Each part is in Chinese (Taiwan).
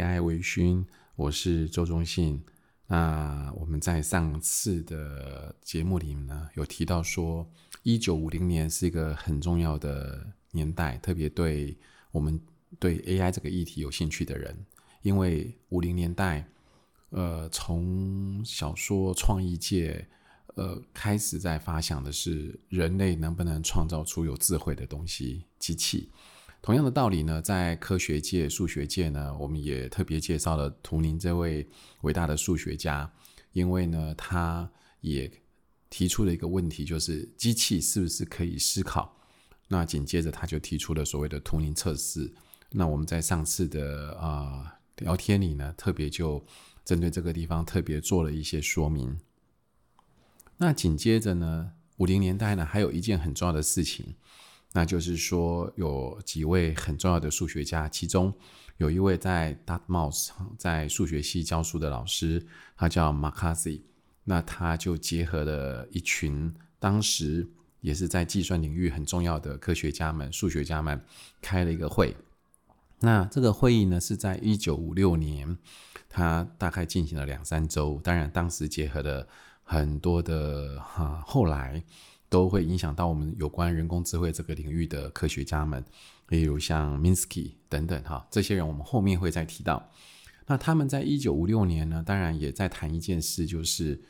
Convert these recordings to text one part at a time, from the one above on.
AI 微醺，我是周中信。那我們在上次的節目裡面呢，有提到說，一九五零年是一個很重要的年代，特別對我們對 AI 這個議題有興趣的人，因為五零年代，呃，從小說創意界，呃，開始在發想的是人類能不能創造出有智慧的東西，機器。同樣的道理呢，在科學界、數學界呢，我們也特別介紹了圖靈這位偉大的數學家，因為呢，他也提出了一個問題，就是機器是不是可以思考？那緊接着他就提出了所謂的圖靈測試。那我們在上次的啊、呃、聊天裡呢，特別就針對這個地方特別做了一些說明。那緊接着呢，五零年代呢，還有一件很重要的事情。那就是說，有幾位很重要的數學家，其中有一位在達特茅斯在數學系教書的老師，他叫 McCarthy，那他就結合了一群當時也是在計算領域很重要的科學家們、數學家們開了一個會。那這個會議呢是在一九五六年，它大概進行了兩三週。當然，當時結合了很多的哈、啊、後來。都會影響到我們有關人工智慧這個領域的科學家們，例如像 Minsky 等等哈，這些人我們後面會再提到。那他們在一九五六年呢，當然也在談一件事，就是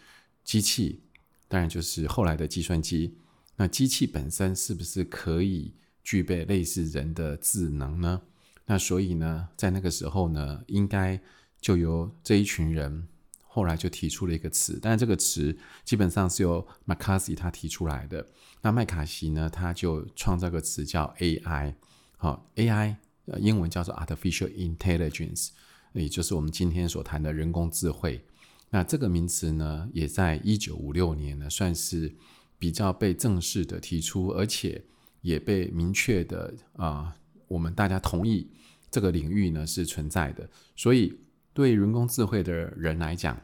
機器，當然就是後來的計算機。那機器本身是不是可以具備類似人的智能呢？那所以呢，在那個時候呢，應該就由這一群人。後來就提出了一個詞，但這個詞基本上是由麥卡錫他提出來的。那麥卡錫呢，他就創造一個詞叫 AI，好、啊，AI、呃、英文叫做 Artificial Intelligence，也就是我們今天所談的人工智慧。那這個名詞呢，也在一九五六年呢，算是比較被正式的提出，而且也被明確的啊、呃，我們大家同意這個領域呢是存在的，所以。對於人工智慧的人來講，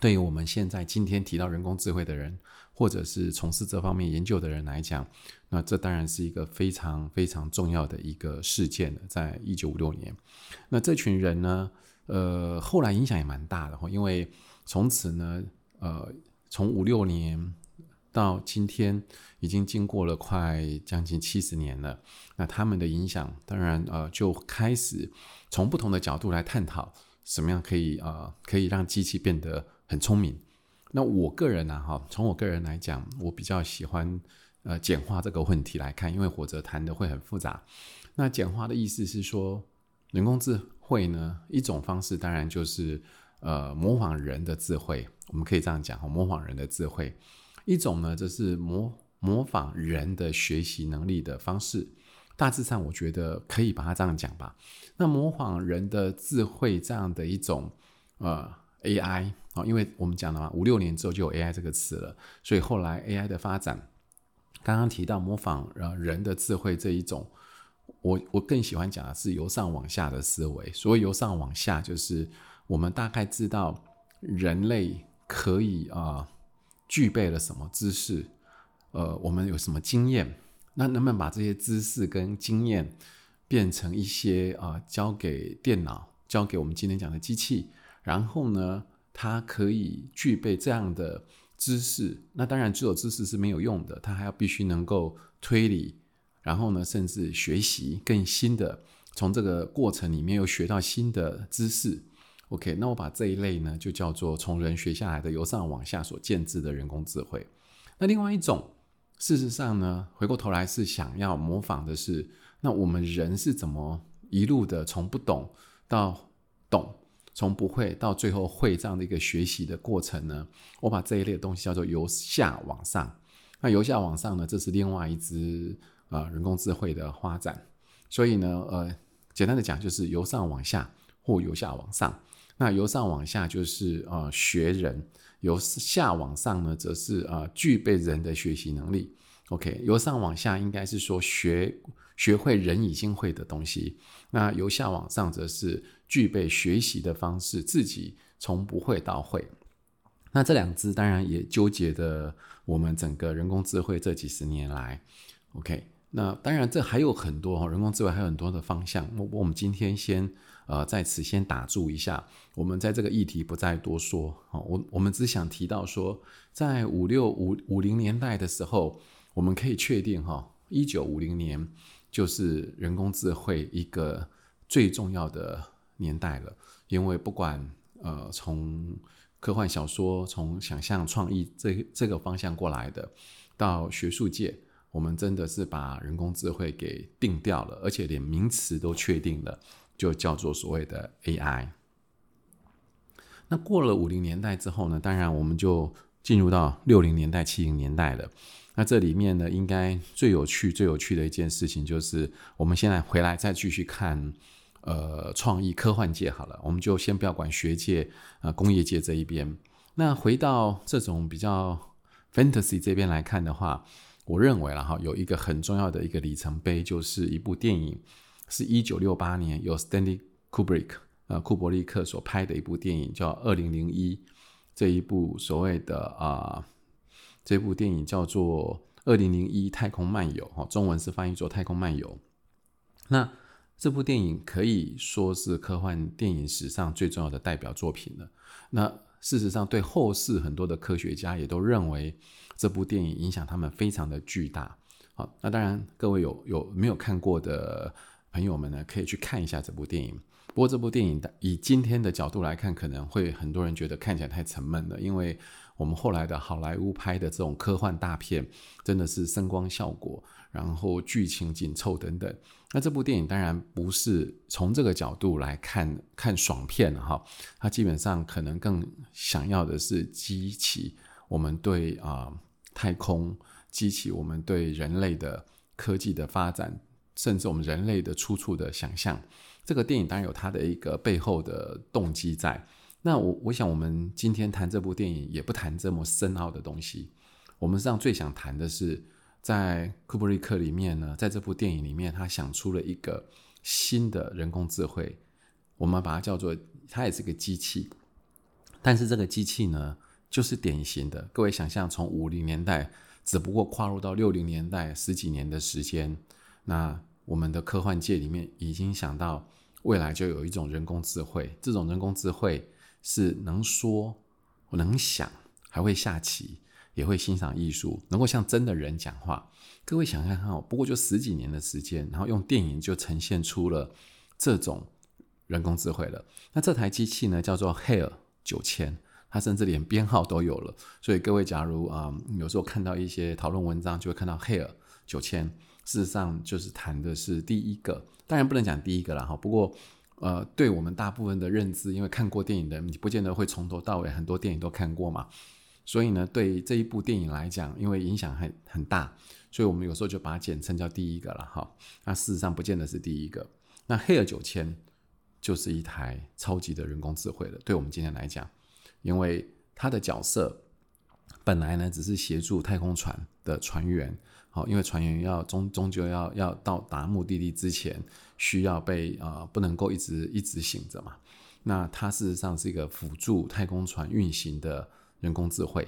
對於我們現在今天提到人工智慧的人，或者是從事這方面研究的人來講，那這當然是一個非常非常重要的一個事件了。在一九五六年，那這群人呢，呃，後來影響也蠻大的，因為從此呢，呃，從五六年到今天，已經經過了快將近七十年了。那他們的影響當然，呃，就開始從不同的角度來探討。怎麼樣可以啊、呃，可以讓機器變得很聰明。那我個人呢、啊，哈，從我個人來講，我比較喜歡呃簡化這個問題來看，因為或者談的會很複雜。那簡化的意思是說，人工智慧呢，一種方式當然就是呃模仿人的智慧，我們可以這樣講哈，模仿人的智慧。一種呢，就是模模仿人的學習能力的方式。大致上，我覺得可以把它這樣講吧。那模仿人的智慧這樣的一種呃 AI，哦，因為我們講了嘛，五六年之後就有 AI 這個詞了，所以後來 AI 的發展，剛剛提到模仿呃人的智慧這一種，我我更喜歡講的是由上往下的思維。所謂由上往下，就是我們大概知道人類可以啊，呃，具備了什麼知識，呃，我們有什麼經驗。那能不能把這些知識跟經驗變成一些啊，交給電腦，交給我們今天講的機器，然後呢，它可以具備這樣的知識。那當然，只有知識是沒有用的，它還要必須能夠推理，然後呢，甚至學習更新的，從這個過程裡面又學到新的知識。OK，那我把這一類呢，就叫做從人學下來的，由上往下所建制的人工智慧。那另外一種。事實上呢，回過頭來是想要模仿的是，那我們人是怎麼一路的從不懂到懂，從不會到最後會這樣的一個學習的過程呢？我把這一類的東西叫做由下往上。那由下往上呢，這是另外一支啊、呃，人工智慧的發展。所以呢，呃，簡單的講就是由上往下或由下往上。那由上往下就是呃學人。由下往上呢，則是啊，呃，具備人的學習能力。OK，由上往下應該是說，學學會人已經會的東西。那由下往上則是具備學習的方式，自己從不會到會。那這兩支當然也糾結了我們整個人工智慧這幾十年來。OK，那當然這還有很多人工智慧還有很多的方向。我我們今天先。呃，在此先打住一下，我們在這個議題不再多說。哦，我我們只想提到說，在五六五五零年代的時候，我們可以確定哈，一九五零年就是人工智慧一個最重要的年代了。因為不管呃，從科幻小說、從想象創意這這個方向過來的，到學術界，我們真的是把人工智慧給定掉了，而且連名詞都確定了。就叫做所謂的 AI。那過了五零年代之後呢，當然，我們就進入到六零年代、七零年代了。那這裡面呢，應該最有趣、最有趣的一件事情，就是我們現在回來再繼續看，呃，創意科幻界好了，我們就先不要管學界、呃、工業界這一邊。那回到這種比較 fantasy 這邊來看的話，我認為，了哈，有一個很重要的一個里程碑，就是一部電影。是1968年由 Stanley Kubrick，呃，庫伯利克所拍的一部電影，叫《二零零一》。這一部所謂的啊，這部電影叫做《二零零一太空漫遊》，中文是翻譯作《太空漫遊》。那這部電影可以說是科幻電影史上最重要的代表作品了。那事實上，對後世很多的科學家也都認為，這部電影影響他們非常的巨大。好，那當然，各位有有沒有看過的，朋友們呢，可以去看一下這部電影。不過這部電影以今天的角度來看，可能會很多人覺得看起來太沉悶了，因為我們後來的好萊塢拍的這種科幻大片，真的是聲光效果，然後劇情緊湊等等。那這部電影當然不是從這個角度來看，看爽片哈、啊，它基本上可能更想要的是激起我們對啊、呃、太空，激起我們對人類的科技的發展。甚至我們人類的出處的想象，這個電影當然有它的一個背後的動機在。那我我想，我們今天談這部電影，也不談這麼深奧的東西。我們實際上最想談的是，在庫布里克裡面呢，在這部電影裡面，他想出了一個新的人工智慧，我們把它叫做，它也是個機器。但是這個機器呢，就是典型的，各位想象，從五零年代只不過跨入到六零年代十幾年的時間，那我們的科幻界裡面已經想到未來就有一種人工智慧，這種人工智慧是能說、能想，還會下棋，也會欣賞藝術，能夠像真的人講話。各位想想看哦，不過就十幾年的時間，然後用電影就呈現出了這種人工智慧了。那這台機器呢，叫做 HAL 9000，它甚至連編號都有了。所以各位，假如啊、嗯，有時候看到一些討論文章，就會看到 HAL 9000。事實上，就是談的是第一個，當然不能講第一個了哈。不過，呃，對我們大部分的認知，因為看過電影的人，你不見得會從頭到尾很多電影都看過嘛。所以呢，對這一部電影來講，因為影響很很大，所以我們有時候就把它簡稱叫第一個了哈。那事實上，不見得是第一個。那《HAL 9000》就是一台超級的人工智慧了。對我們今天來講，因為他的角色本來呢，只是協助太空船的船員。因為船員要終終究要要到達目的地之前，需要被啊、呃、不能夠一直一直醒着嘛。那它事實上是一個輔助太空船運行的人工智慧，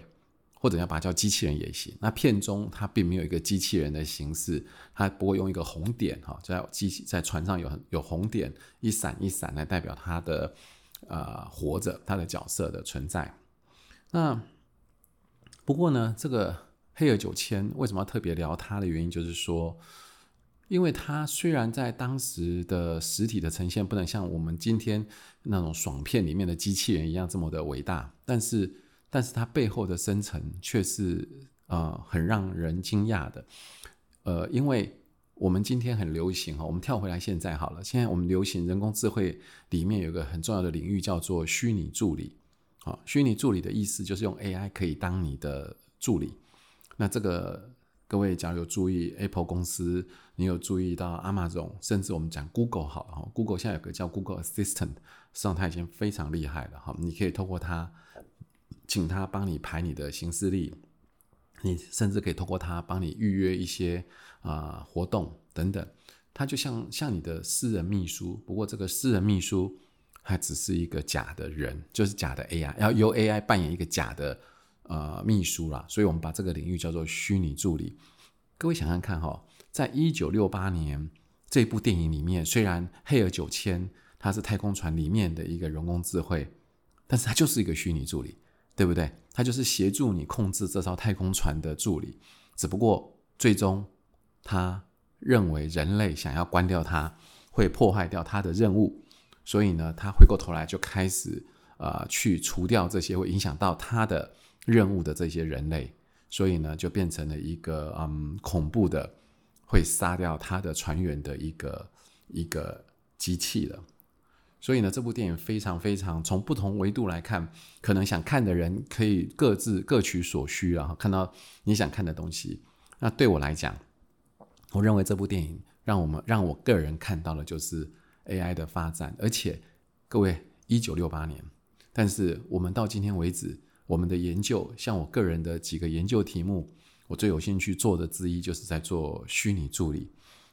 或者要把它叫機器人也行。那片中它並沒有一個機器人的形式，它不會用一個紅點哈，在機器在船上有有紅點一閃一閃來代表它的、呃、活着它的角色的存在。那不過呢這個。HAL 9000為什麼要特別聊它的原因，就是說，因為它雖然在當時的實體的呈現不能像我們今天那種爽片裡面的機器人一樣這麼的偉大，但是，但是它背後的深層卻是呃很讓人驚訝的。呃，因為我們今天很流行哈，我們跳回來現在好了，現在我們流行人工智慧，裡面有一個很重要的領域叫做虛擬助理。虛擬助理的意思就是用 AI 可以當你的助理。那這個各位，假如有注意 Apple 公司，你有注意到 Amazon，甚至我們講 Google 好了 Google，好，Google 現在有個叫 Google Assistant，上台已經非常厲害了，哈，你可以透過它，請他幫你排你的行事曆，你甚至可以透過他幫你預約一些啊、呃、活動等等，他就像像你的私人秘書。不過這個私人秘書還只是一個假的人，就是假的 AI，要由 AI 扮演一個假的。呃，祕書啦，所以我們把這個領域叫做虛擬助理。各位想想看哈、哦，在一九六八年這部電影裡面，雖然黑爾九千它是太空船裡面的一個人工智慧，但是它就是一個虛擬助理，對不對？它就是協助你控制這艘太空船的助理。只不過最終，他認為人類想要關掉它，會破壞掉它的任務，所以呢，他回過頭來就開始呃去除掉這些會影響到它的。任務的這些人類，所以呢，就變成了一個嗯恐怖的，會殺掉他的船員的一個一個機器了。所以呢，這部電影非常非常從不同維度來看，可能想看的人可以各自各取所需啊，然後看到你想看的東西。那對我來講，我認為這部電影讓我們讓我個人看到的就是 AI 的發展，而且各位，一九六八年，但是我們到今天為止。我們的研究，像我個人的幾個研究題目，我最有興趣做的之一，就是在做虛擬助理。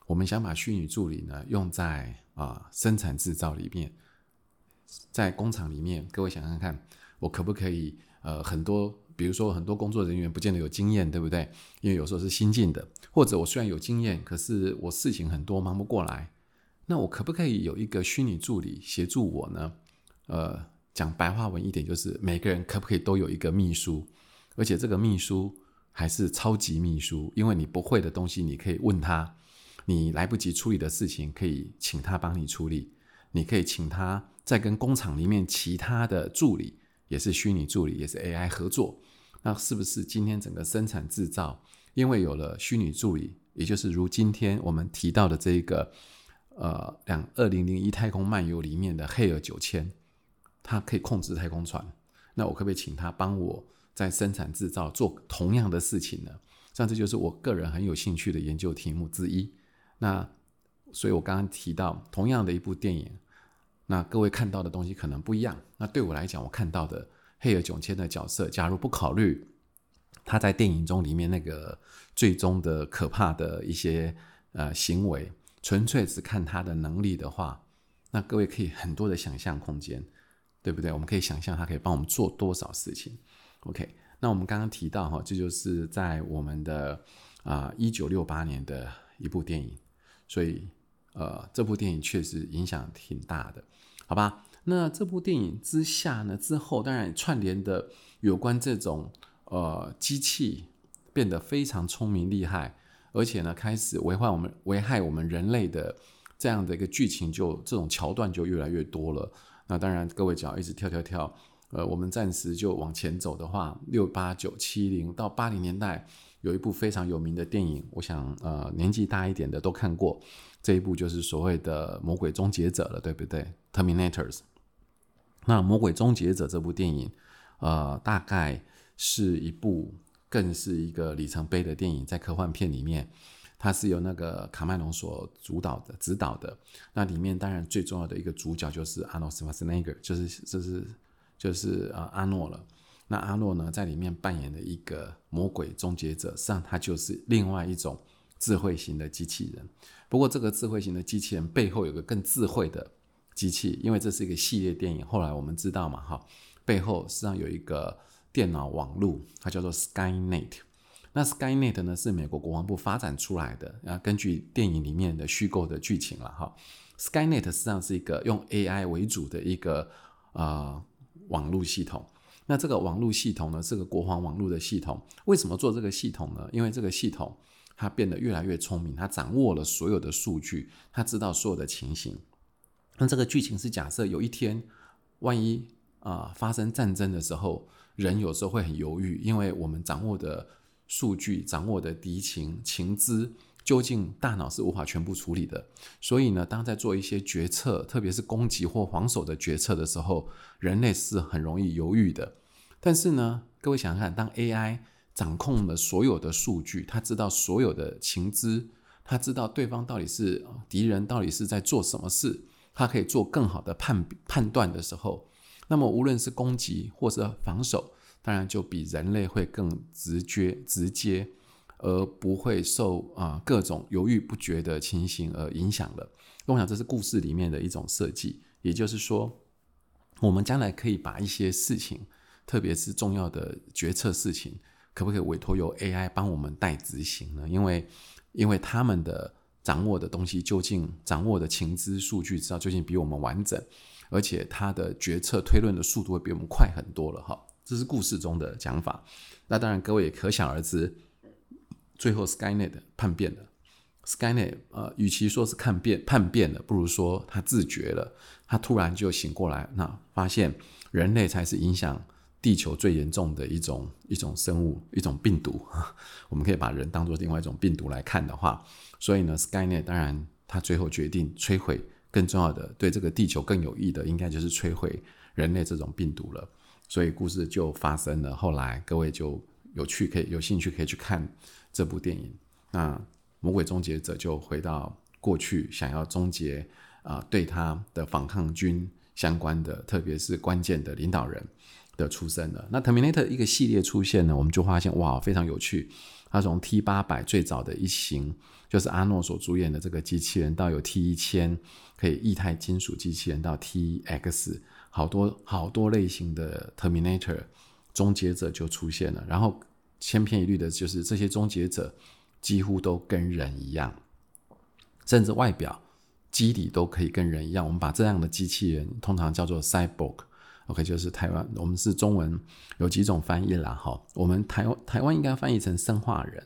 我們想把虛擬助理呢用在啊、呃、生產製造裡面，在工廠裡面，各位想想看，我可不可以呃很多，比如說很多工作人員不見得有經驗，對不對？因為有時候是新進的，或者我雖然有經驗，可是我事情很多，忙不過來，那我可不可以有一個虛擬助理協助我呢？呃。講白話文一點，就是每個人可不可以都有一個秘書？而且這個秘書還是超級秘書，因為你不會的東西你可以問他，你來不及處理的事情可以請他幫你處理，你可以請他再跟工廠裡面其他的助理，也是虛擬助理，也是 AI 合作。那是不是今天整個生產制造，因為有了虛擬助理，也就是如今天我們提到的這一個，呃，兩二零零一太空漫遊裡面的 HAL 9000。他可以控制太空船，那我可不可以請他幫我在生產制造做同樣的事情呢？像這，這就是我個人很有興趣的研究題目之一。那所以，我剛剛提到同樣的一部電影，那各位看到的東西可能不一樣。那對我來講，我看到的黑爾九千的角色，假如不考慮他在電影中裡面那個最終的可怕的一些呃行為，純粹只看他的能力的話，那各位可以很多的想象空間。對不對？我們可以想象，它可以幫我們做多少事情。OK，那我們剛剛提到哈這就是在我們的啊1968年的一部電影，所以呃，這部電影確實影響挺大的，好吧？那這部電影之下呢，之後當然串聯的有關這種呃機器變得非常聰明厲害，而且呢開始危害我們危害我們人類的這樣的一個劇情就，就這種橋段就越來越多了。那當然，各位只要一直跳跳跳，呃，我們暫時就往前走的話，六八九七零到八零年代，有一部非常有名的電影，我想，呃，年紀大一點的都看過，這一部就是所謂的《魔鬼終結者》了，對不對？Terminators。那《魔鬼終結者》這部電影，呃，大概是一部，更是一個里程碑的電影，在科幻片裡面。它是由那個卡麥隆所主導的、指導的。那裡面當然最重要的一個主角就是阿諾·斯瓦辛格，就是就是就是呃阿諾了。那阿諾呢，在裡面扮演的一個魔鬼終結者，實際上他就是另外一種智慧型的機器人。不過這個智慧型的機器人背後有個更智慧的機器，因為這是一個系列電影。後來我們知道嘛，哈，背後實際上有一個電腦網絡，它叫做 SkyNet。那 SkyNet 呢，是美國國防部發展出來的啊，根據電影裡面的虛構的劇情啦，哈、啊。SkyNet 實際上是一個用 AI 為主的一個啊、呃、網絡系統。那這個網絡系統呢，是個國防網絡的系統，為什麼做這個系統呢？因為這個系統它變得越來越聰明，它掌握了所有的數據，它知道所有的情形。那這個劇情是假設有一天，萬一啊、呃、發生戰爭的時候，人有時候會很猶豫，因為我們掌握的。數據掌握的敵情情資，究竟大腦是無法全部處理的。所以呢，當在做一些決策，特別是攻擊或防守的決策的時候，人類是很容易猶豫的。但是呢，各位想想看，當 AI 掌控了所有的數據，他知道所有的情資，他知道對方到底是敵人，到底是在做什麼事，他可以做更好的判判斷的時候，那麼無論是攻擊或者防守。當然，就比人類會更直覺、直接，而不會受啊、呃、各種猶豫不決的情形而影響了。因為我想這是故事裡面的一種設計，也就是說，我們將來可以把一些事情，特別是重要的決策事情，可不可以委托由 AI 幫我們代執行呢？因為，因為他們的掌握的東西究竟掌握的情資數據資料究竟比我們完整，而且他的決策推論的速度會比我們快很多了，哈。這是故事中的講法，那當然各位也可想而知，最後 SkyNet 叛變了。SkyNet 呃，與其說是叛變叛變了，不如說他自覺了。他突然就醒過來，那發現人類才是影響地球最嚴重的一種一種生物，一種病毒。 我們可以把人當做另外一種病毒來看的話，所以呢，SkyNet 當然他最後決定摧毀，更重要的，對這個地球更有益的，應該就是摧毀人類這種病毒了。所以故事就發生了。後來各位就有趣可以有興趣可以去看這部電影。那魔鬼終結者就回到過去，想要終結啊、呃、對他的反抗軍相關的，特別是關鍵的領導人的出生了。那 Terminator 一個系列出現呢，我們就發現哇，非常有趣。他從 T800 最早，的一型，就是阿諾所主演的這個機器人，到有 T1000，可以液態金屬機器人，到 TX。好多好多類型的 Terminator 終結者就出現了，然後千篇一律的就是這些終結者幾乎都跟人一樣，甚至外表、機理都可以跟人一樣。我們把這樣的機器人通常叫做 Cyborg，OK，okay，就是台灣我們是中文有幾種翻譯啦，哈，我們台灣台灣應該翻譯成生化人。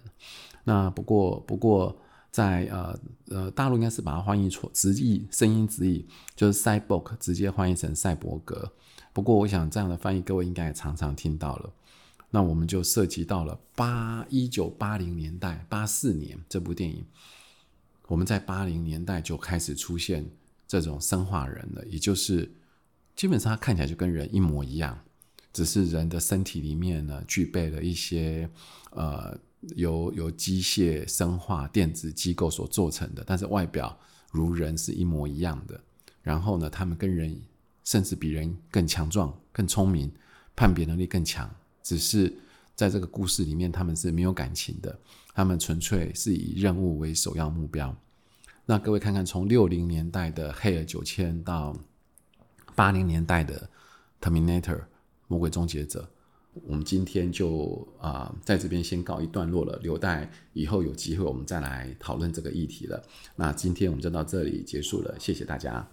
那不過不過。在呃呃大陸應該是把它翻譯成直譯，聲音直譯就是“賽博”，直接翻譯成“賽博格”。不過，我想這樣的翻譯各位應該也常常聽到了。那我們就涉及到了八一九八零年代八四年這部電影，我們在八零年代就開始出現這種生化人了，也就是基本上看起來就跟人一模一樣，只是人的身體裡面呢，具備了一些呃。由由機械、生化、電子機構所做成的，但是外表如人是一模一樣的。然後呢，他們跟人甚至比人更強壯、更聰明，判別能力更強。只是在這個故事裡面，他們是沒有感情的，他們純粹是以任務為首要目標。那各位看看，從六零年代的《HAL 九千》到八零年代的《Terminator》魔鬼終結者。我們今天就啊、呃，在這邊先告一段落了，留待以後有機會我們再來討論這個議題了。那今天我們就到這裡結束了，謝謝大家。